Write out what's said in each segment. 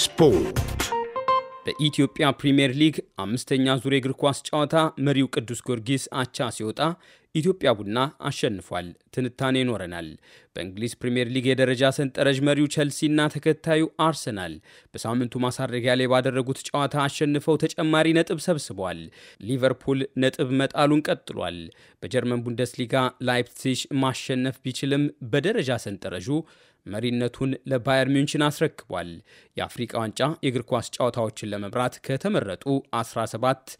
ስፖርት በኢትዮጵያ ፕሪምየር ሊግ አምስተኛ ዙር የእግር ኳስ ጨዋታ መሪው ቅዱስ ጊዮርጊስ አቻ ሲወጣ ኢትዮጵያ ቡና አሸንፏል። ትንታኔ ይኖረናል። በእንግሊዝ ፕሪምየር ሊግ የደረጃ ሰንጠረዥ መሪው ቸልሲና ተከታዩ አርሰናል በሳምንቱ ማሳረጊያ ላይ ባደረጉት ጨዋታ አሸንፈው ተጨማሪ ነጥብ ሰብስቧል። ሊቨርፑል ነጥብ መጣሉን ቀጥሏል። በጀርመን ቡንደስሊጋ ላይፕሲሽ ማሸነፍ ቢችልም በደረጃ ሰንጠረዡ መሪነቱን ለባየር ሚንችን አስረክቧል። የአፍሪቃ ዋንጫ የእግር ኳስ ጨዋታዎችን ለመምራት ከተመረጡ 17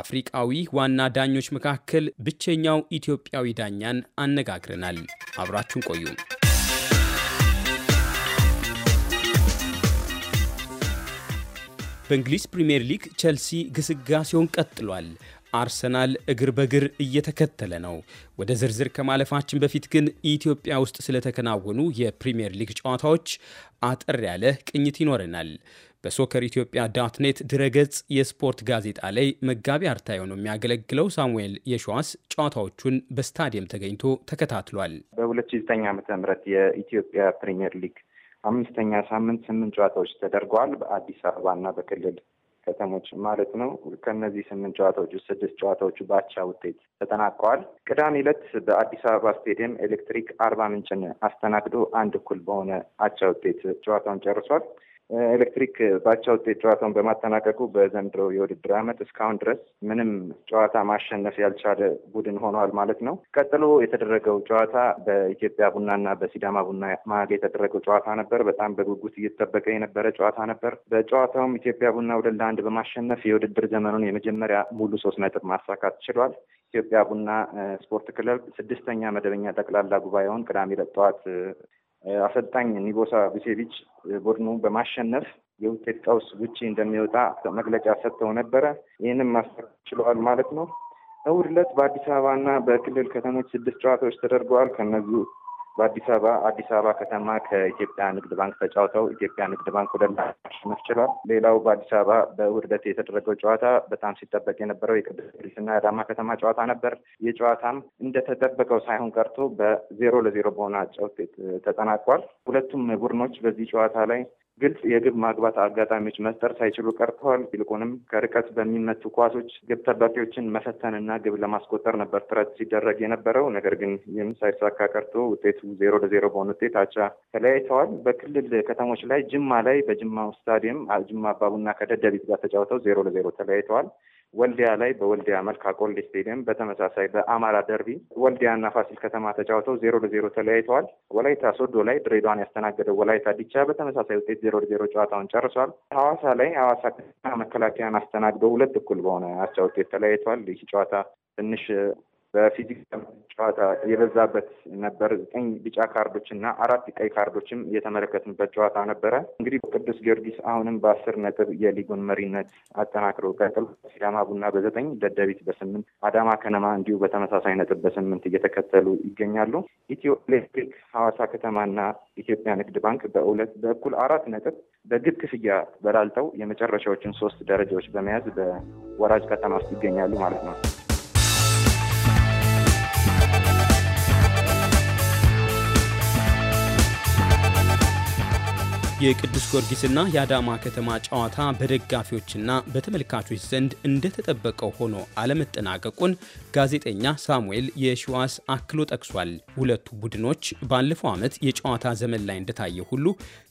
አፍሪቃዊ ዋና ዳኞች መካከል ብቸኛው ኢትዮጵያዊ ዳኛን አነጋግረናል። አብራችሁን ቆዩ። በእንግሊዝ ፕሪምየር ሊግ ቸልሲ ግስጋሴውን ቀጥሏል። አርሰናል እግር በእግር እየተከተለ ነው። ወደ ዝርዝር ከማለፋችን በፊት ግን ኢትዮጵያ ውስጥ ስለተከናወኑ የፕሪምየር ሊግ ጨዋታዎች አጠር ያለ ቅኝት ይኖረናል። በሶከር ኢትዮጵያ ዳትኔት ድረገጽ የስፖርት ጋዜጣ ላይ መጋቢ አርታይ ሆኖ የሚያገለግለው ሳሙኤል የሸዋስ ጨዋታዎቹን በስታዲየም ተገኝቶ ተከታትሏል። በ ሺህ ዓ ም የኢትዮጵያ ፕሪምየር ሊግ አምስተኛ ሳምንት ስምንት ጨዋታዎች ተደርገዋል። በአዲስ አበባ እና በክልል ከተሞች ማለት ነው። ከእነዚህ ስምንት ጨዋታዎች ውስጥ ስድስት ጨዋታዎቹ በአቻ ውጤት ተጠናቀዋል። ቅዳሜ ዕለት በአዲስ አበባ ስቴዲየም ኤሌክትሪክ አርባ ምንጭን አስተናግዶ አንድ እኩል በሆነ አቻ ውጤት ጨዋታውን ጨርሷል። ኤሌክትሪክ ባቻ ውጤት ጨዋታውን በማጠናቀቁ በዘንድሮ የውድድር ዓመት እስካሁን ድረስ ምንም ጨዋታ ማሸነፍ ያልቻለ ቡድን ሆኗል ማለት ነው። ቀጥሎ የተደረገው ጨዋታ በኢትዮጵያ ቡናና በሲዳማ ቡና መሀል የተደረገው ጨዋታ ነበር። በጣም በጉጉት እየተጠበቀ የነበረ ጨዋታ ነበር። በጨዋታውም ኢትዮጵያ ቡና ሁለት ለአንድ በማሸነፍ የውድድር ዘመኑን የመጀመሪያ ሙሉ ሶስት ነጥብ ማሳካት ችሏል። ኢትዮጵያ ቡና ስፖርት ክለብ ስድስተኛ መደበኛ ጠቅላላ ጉባኤውን ቅዳሜ ለጠዋት አሰልጣኝ ኒቦሳ ቡሴቪች ቡድኑ በማሸነፍ የውጤት ቀውስ ውጪ እንደሚወጣ መግለጫ ሰጥተው ነበረ። ይህንም ማስተካከል ችለዋል ማለት ነው። እሑድ ዕለት በአዲስ አበባና በክልል ከተሞች ስድስት ጨዋታዎች ተደርገዋል። ከነዚህ በአዲስ አበባ አዲስ አበባ ከተማ ከኢትዮጵያ ንግድ ባንክ ተጫውተው ኢትዮጵያ ንግድ ባንክ ወደ ማሸነፍ ችሏል። ሌላው በአዲስ አበባ በውርደት የተደረገው ጨዋታ በጣም ሲጠበቅ የነበረው የቅዱስ ጊዮርጊስና የአዳማ ከተማ ጨዋታ ነበር። ይህ ጨዋታም እንደተጠበቀው ሳይሆን ቀርቶ በዜሮ ለዜሮ በሆነ አቻ ውጤት ተጠናቋል። ሁለቱም ቡድኖች በዚህ ጨዋታ ላይ ግልጽ የግብ ማግባት አጋጣሚዎች መፍጠር ሳይችሉ ቀርተዋል። ይልቁንም ከርቀት በሚመቱ ኳሶች ግብ ጠባቂዎችን መፈተንና ግብ ለማስቆጠር ነበር ጥረት ሲደረግ የነበረው። ነገር ግን ይህም ሳይሳካ ቀርቶ ውጤቱ ዜሮ ለዜሮ በሆነ ውጤት አቻ ተለያይተዋል። በክልል ከተሞች ላይ ጅማ ላይ በጅማ ስታዲየም ጅማ አባቡና ከደደቢት ጋር ተጫውተው ዜሮ ለዜሮ ተለያይተዋል። ወልዲያ ላይ በወልዲያ መልካ ቆሌ ስቴዲየም በተመሳሳይ በአማራ ደርቢ ወልዲያና ፋሲል ከተማ ተጫውተው ዜሮ ለዜሮ ተለያይተዋል። ወላይታ ሶዶ ላይ ድሬዳዋን ያስተናገደው ወላይታ ዲቻ በተመሳሳይ ውጤት ዜሮ ለዜሮ ጨዋታውን ጨርሷል። ሐዋሳ ላይ ሐዋሳ መከላከያን አስተናግደው ሁለት እኩል በሆነ አቻ ውጤት ተለያይተዋል። ይህ ጨዋታ ትንሽ በፊዚክስ ጨዋታ የበዛበት ነበር። ዘጠኝ ቢጫ ካርዶች እና አራት ቀይ ካርዶችም የተመለከትንበት ጨዋታ ነበረ። እንግዲህ ቅዱስ ጊዮርጊስ አሁንም በአስር ነጥብ የሊጉን መሪነት አጠናክሮ ቀጥሎ ሲዳማ ቡና በዘጠኝ ደደቢት በስምንት አዳማ ከነማ እንዲሁ በተመሳሳይ ነጥብ በስምንት እየተከተሉ ይገኛሉ። ኢትዮ ኤሌክትሪክ ሐዋሳ ከተማና ኢትዮጵያ ንግድ ባንክ በሁለት በእኩል አራት ነጥብ በግብ ክፍያ በላልጠው የመጨረሻዎችን ሶስት ደረጃዎች በመያዝ በወራጅ ቀጠና ውስጥ ይገኛሉ ማለት ነው። የቅዱስ ጊዮርጊስና የአዳማ ከተማ ጨዋታ በደጋፊዎችና በተመልካቾች ዘንድ እንደተጠበቀው ሆኖ አለመጠናቀቁን ጋዜጠኛ ሳሙኤል የሽዋስ አክሎ ጠቅሷል። ሁለቱ ቡድኖች ባለፈው ዓመት የጨዋታ ዘመን ላይ እንደታየ ሁሉ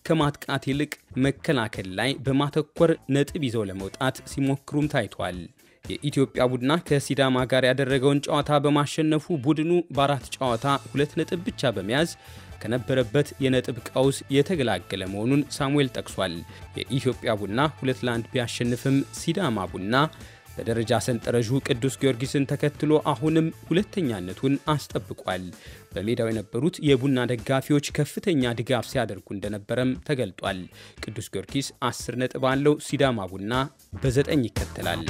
ከማጥቃት ይልቅ መከላከል ላይ በማተኮር ነጥብ ይዘው ለመውጣት ሲሞክሩም ታይቷል። የኢትዮጵያ ቡድና ከሲዳማ ጋር ያደረገውን ጨዋታ በማሸነፉ ቡድኑ በአራት ጨዋታ ሁለት ነጥብ ብቻ በመያዝ ከነበረበት የነጥብ ቀውስ የተገላገለ መሆኑን ሳሙኤል ጠቅሷል። የኢትዮጵያ ቡና ሁለት ለአንድ ቢያሸንፍም ሲዳማ ቡና በደረጃ ሰንጠረዡ ቅዱስ ጊዮርጊስን ተከትሎ አሁንም ሁለተኛነቱን አስጠብቋል። በሜዳው የነበሩት የቡና ደጋፊዎች ከፍተኛ ድጋፍ ሲያደርጉ እንደነበረም ተገልጧል። ቅዱስ ጊዮርጊስ 10 ነጥብ አለው። ሲዳማ ቡና በዘጠኝ ይከተላል።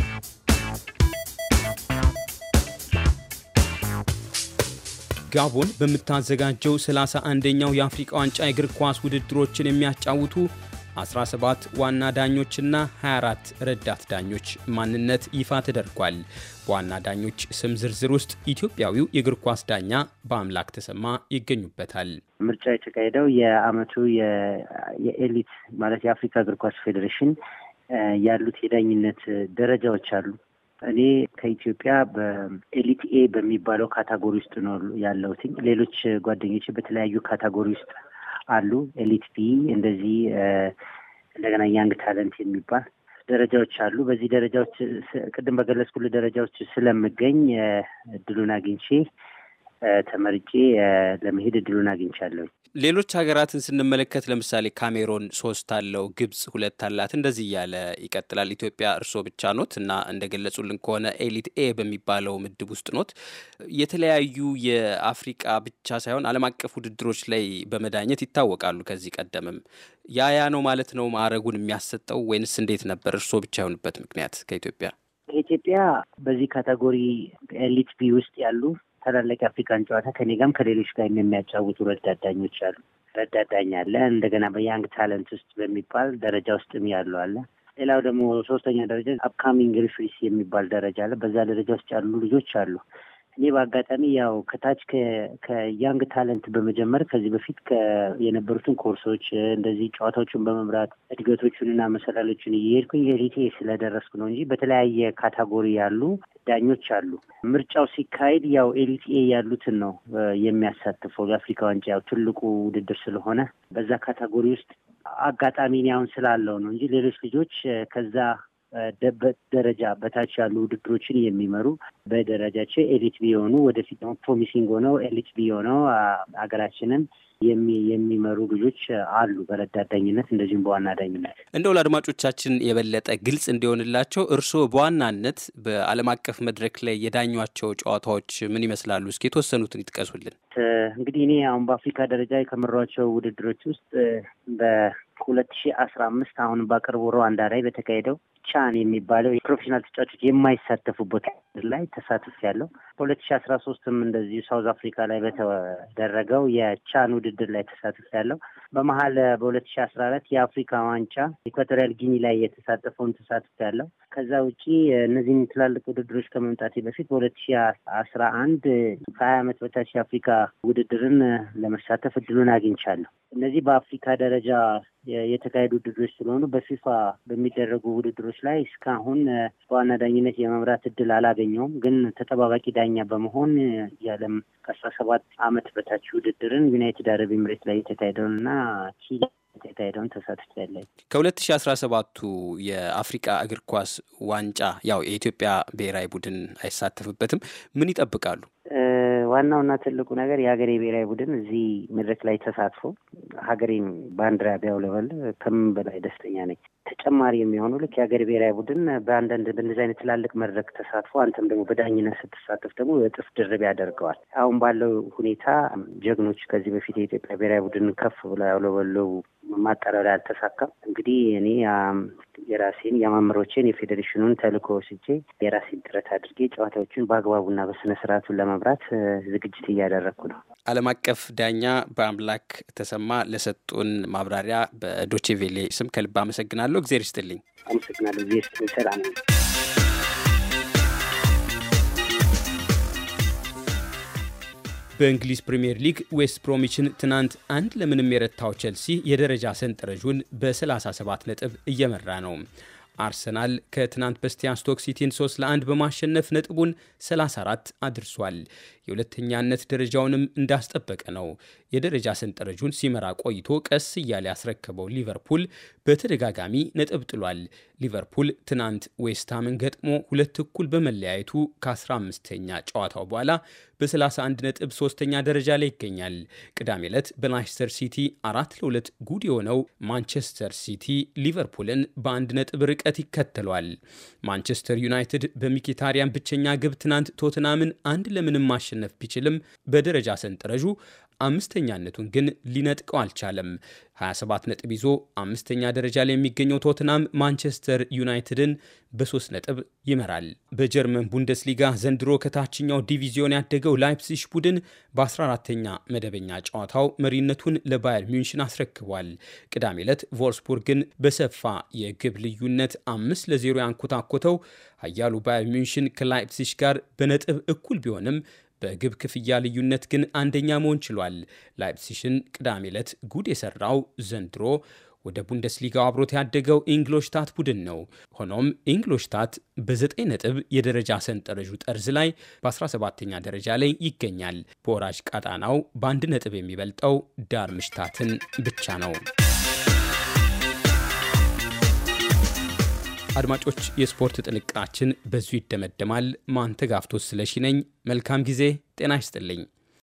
ጋቦን በምታዘጋጀው 31ኛው የአፍሪቃ ዋንጫ የእግር ኳስ ውድድሮችን የሚያጫውቱ 17 ዋና ዳኞችና 24 ረዳት ዳኞች ማንነት ይፋ ተደርጓል። በዋና ዳኞች ስም ዝርዝር ውስጥ ኢትዮጵያዊው የእግር ኳስ ዳኛ በአምላክ ተሰማ ይገኙበታል። ምርጫው የተካሄደው የአመቱ የኤሊት ማለት የአፍሪካ እግር ኳስ ፌዴሬሽን ያሉት የዳኝነት ደረጃዎች አሉ እኔ ከኢትዮጵያ በኤሊት ኤ በሚባለው ካታጎሪ ውስጥ ነው ያለሁትኝ። ሌሎች ጓደኞች በተለያዩ ካታጎሪ ውስጥ አሉ። ኤሊት ቢ እንደዚህ እንደገና ያንግ ታለንት የሚባል ደረጃዎች አሉ። በዚህ ደረጃዎች ቅድም በገለጽኩልህ ደረጃዎች ስለምገኝ እድሉን አግኝቼ ተመርጬ ለመሄድ እድሉን አግኝቻለሁ። ሌሎች ሀገራትን ስንመለከት ለምሳሌ ካሜሮን ሶስት አለው፣ ግብጽ ሁለት አላት፣ እንደዚህ እያለ ይቀጥላል። ኢትዮጵያ እርስዎ ብቻ ኖት እና እንደገለጹልን ከሆነ ኤሊት ኤ በሚባለው ምድብ ውስጥ ኖት። የተለያዩ የአፍሪቃ ብቻ ሳይሆን ዓለም አቀፍ ውድድሮች ላይ በመዳኘት ይታወቃሉ። ከዚህ ቀደምም ያ ነው ማለት ነው ማዕረጉን የሚያሰጠው ወይንስ እንዴት ነበር? እርስዎ ብቻ የሆኑበት ምክንያት ከኢትዮጵያ በኢትዮጵያ በዚህ ካተጎሪ ኤሊት ቢ ውስጥ ያሉ ታላላቅ የአፍሪካን ጨዋታ ከኔ ጋርም ከሌሎች ጋር የሚያጫውቱ ረዳዳኞች አሉ። ረዳዳኝ አለ። እንደገና በያንግ ታለንት ውስጥ በሚባል ደረጃ ውስጥም ያሉ አለ። ሌላው ደግሞ ሶስተኛ ደረጃ አፕካሚንግ ሪፍሪስ የሚባል ደረጃ አለ። በዛ ደረጃ ውስጥ ያሉ ልጆች አሉ። እኔ በአጋጣሚ ያው ከታች ከያንግ ታለንት በመጀመር ከዚህ በፊት የነበሩትን ኮርሶች እንደዚህ ጨዋታዎችን በመምራት እድገቶቹንና መሰላሎችን እየሄድኩኝ ሄሪቴ ስለደረስኩ ነው እንጂ በተለያየ ካታጎሪ ያሉ ዳኞች አሉ። ምርጫው ሲካሄድ ያው ኤሊትኤ ያሉትን ነው የሚያሳትፈው። የአፍሪካ ዋንጫ ያው ትልቁ ውድድር ስለሆነ በዛ ካታጎሪ ውስጥ አጋጣሚ እኔ አሁን ስላለው ነው እንጂ ሌሎች ልጆች ከዛ ደረጃ በታች ያሉ ውድድሮችን የሚመሩ በደረጃቸው ኤሊት ቢሆኑ ወደፊት ደግሞ ፕሮሚሲንግ ሆነው ኤሊት ቢሆነው ሀገራችንን የሚመሩ ልጆች አሉ በረዳት ዳኝነት እንደዚሁም በዋና ዳኝነት። እንደው ለአድማጮቻችን የበለጠ ግልጽ እንዲሆንላቸው እርስዎ በዋናነት በዓለም አቀፍ መድረክ ላይ የዳኟቸው ጨዋታዎች ምን ይመስላሉ? እስኪ የተወሰኑትን ይጥቀሱልን። እንግዲህ እኔ አሁን በአፍሪካ ደረጃ የከመሯቸው ውድድሮች ውስጥ በሁለት ሺ አስራ አምስት አሁን በቅርቡ ሩዋንዳ ላይ በተካሄደው ቻን የሚባለው የፕሮፌሽናል ተጫዋቾች የማይሳተፉበት ላይ ተሳትፍ ያለው በሁለት ሺ አስራ ሶስትም እንደዚሁ ሳውዝ አፍሪካ ላይ በተደረገው የቻን ውድድር ላይ ተሳትፍ ያለው በመሀል በሁለት ሺ አስራ አራት የአፍሪካ ዋንጫ ኢኳቶሪያል ጊኒ ላይ የተሳተፈውን ተሳትፍ ያለው ከዛ ውጪ እነዚህም ትላልቅ ውድድሮች ከመምጣቴ በፊት በሁለት ሺ አስራ አንድ ከሀያ አመት በታች የአፍሪካ ውድድርን ለመሳተፍ እድሉን አግኝቻለሁ። እነዚህ በአፍሪካ ደረጃ የተካሄዱ ውድድሮች ስለሆኑ በፊፋ በሚደረጉ ውድድሮች ላይ እስካሁን በዋና ዳኝነት የመምራት እድል አላገኘውም። ግን ተጠባባቂ ዳኛ በመሆን የዓለም ከአስራ ሰባት አመት በታች ውድድርን ዩናይትድ አረብ ኤምሬት ላይ የተካሄደውን እና ቺሊ የተካሄደውን ተሳትፌያለሁ። ከሁለት ሺ አስራ ሰባቱ የአፍሪቃ እግር ኳስ ዋንጫ ያው የኢትዮጵያ ብሔራዊ ቡድን አይሳተፍበትም። ምን ይጠብቃሉ? ዋናውና ትልቁ ነገር የሀገሬ ብሔራዊ ቡድን እዚህ መድረክ ላይ ተሳትፎ ሀገሬን ባንዲራ ቢያውለበል ከምን በላይ ደስተኛ ነኝ። ተጨማሪ የሚሆኑ ልክ የሀገሬ ብሔራዊ ቡድን በአንዳንድ በእንደዚህ አይነት ትላልቅ መድረክ ተሳትፎ አንተም ደግሞ በዳኝነት ስትሳተፍ ደግሞ እጥፍ ድርብ ያደርገዋል። አሁን ባለው ሁኔታ ጀግኖች ከዚህ በፊት የኢትዮጵያ ብሔራዊ ቡድን ከፍ ብለው ያውለበለቡ ማጠራሪያ አልተሳካም። እንግዲህ እኔ የራሴን የማምሮችን የፌዴሬሽኑን ተልእኮ ወስጄ የራሴን ጥረት አድርጌ ጨዋታዎችን በአግባቡና በስነ ስርዓቱን ለመምራት ዝግጅት እያደረግኩ ነው። ዓለም አቀፍ ዳኛ በአምላክ ተሰማ ለሰጡን ማብራሪያ በዶቼ ቬሌ ስም ከልብ አመሰግናለሁ። እግዜር ይስጥልኝ። አመሰግናለሁ። እግዜር ይስጥልኝ። ሰላም በእንግሊዝ ፕሪምየር ሊግ ዌስት ብሮሚችን ትናንት አንድ ለምንም የረታው ቸልሲ የደረጃ ሰንጠረዡን በ37 ነጥብ እየመራ ነው። አርሰናል ከትናንት በስቲያ ስቶክ ሲቲን 3 ለ1 በማሸነፍ ነጥቡን 34 አድርሷል። የሁለተኛነት ደረጃውንም እንዳስጠበቀ ነው። የደረጃ ሰንጠረዡን ሲመራ ቆይቶ ቀስ እያለ ያስረከበው ሊቨርፑል በተደጋጋሚ ነጥብ ጥሏል። ሊቨርፑል ትናንት ዌስትሃምን ገጥሞ ሁለት እኩል በመለያየቱ ከ15ኛ ጨዋታው በኋላ በ31 ነጥብ ሶስተኛ ደረጃ ላይ ይገኛል። ቅዳሜ ዕለት በማንቸስተር ሲቲ አራት ለሁለት ጉድ የሆነው ማንቸስተር ሲቲ ሊቨርፑልን በአንድ ነጥብ ርቀት ይከተሏል። ማንቸስተር ዩናይትድ በሚኪታሪያን ብቸኛ ግብ ትናንት ቶትናምን አንድ ለምንም ማሸነፍ ቢችልም በደረጃ ሰንጠረዡ አምስተኛነቱን ግን ሊነጥቀው አልቻለም። 27 ነጥብ ይዞ አምስተኛ ደረጃ ላይ የሚገኘው ቶትናም ማንቸስተር ዩናይትድን በሶስት ነጥብ ይመራል። በጀርመን ቡንደስሊጋ ዘንድሮ ከታችኛው ዲቪዚዮን ያደገው ላይፕሲሽ ቡድን በ14ተኛ መደበኛ ጨዋታው መሪነቱን ለባየር ሚንሽን አስረክቧል። ቅዳሜ ዕለት ቮልስቡርግን በሰፋ የግብ ልዩነት አምስት ለዜሮ ያንኮታኮተው አያሉ ባየር ሚንሽን ከላይፕሲሽ ጋር በነጥብ እኩል ቢሆንም በግብ ክፍያ ልዩነት ግን አንደኛ መሆን ችሏል። ላይፕሲሽን ቅዳሜ ዕለት ጉድ የሰራው ዘንድሮ ወደ ቡንደስሊጋው አብሮት ያደገው ኢንግሎሽታት ቡድን ነው። ሆኖም ኢንግሎሽታት በ9 ነጥብ የደረጃ ሰንጠረዡ ጠርዝ ላይ በ17ኛ ደረጃ ላይ ይገኛል። በወራጅ ቀጣናው በአንድ ነጥብ የሚበልጠው ዳርምሽታትን ብቻ ነው። አድማጮች፣ የስፖርት ጥንቅራችን በዙ ይደመደማል። ማንተጋፍቶ ስለሺ ነኝ። መልካም ጊዜ። ጤና ይስጥልኝ።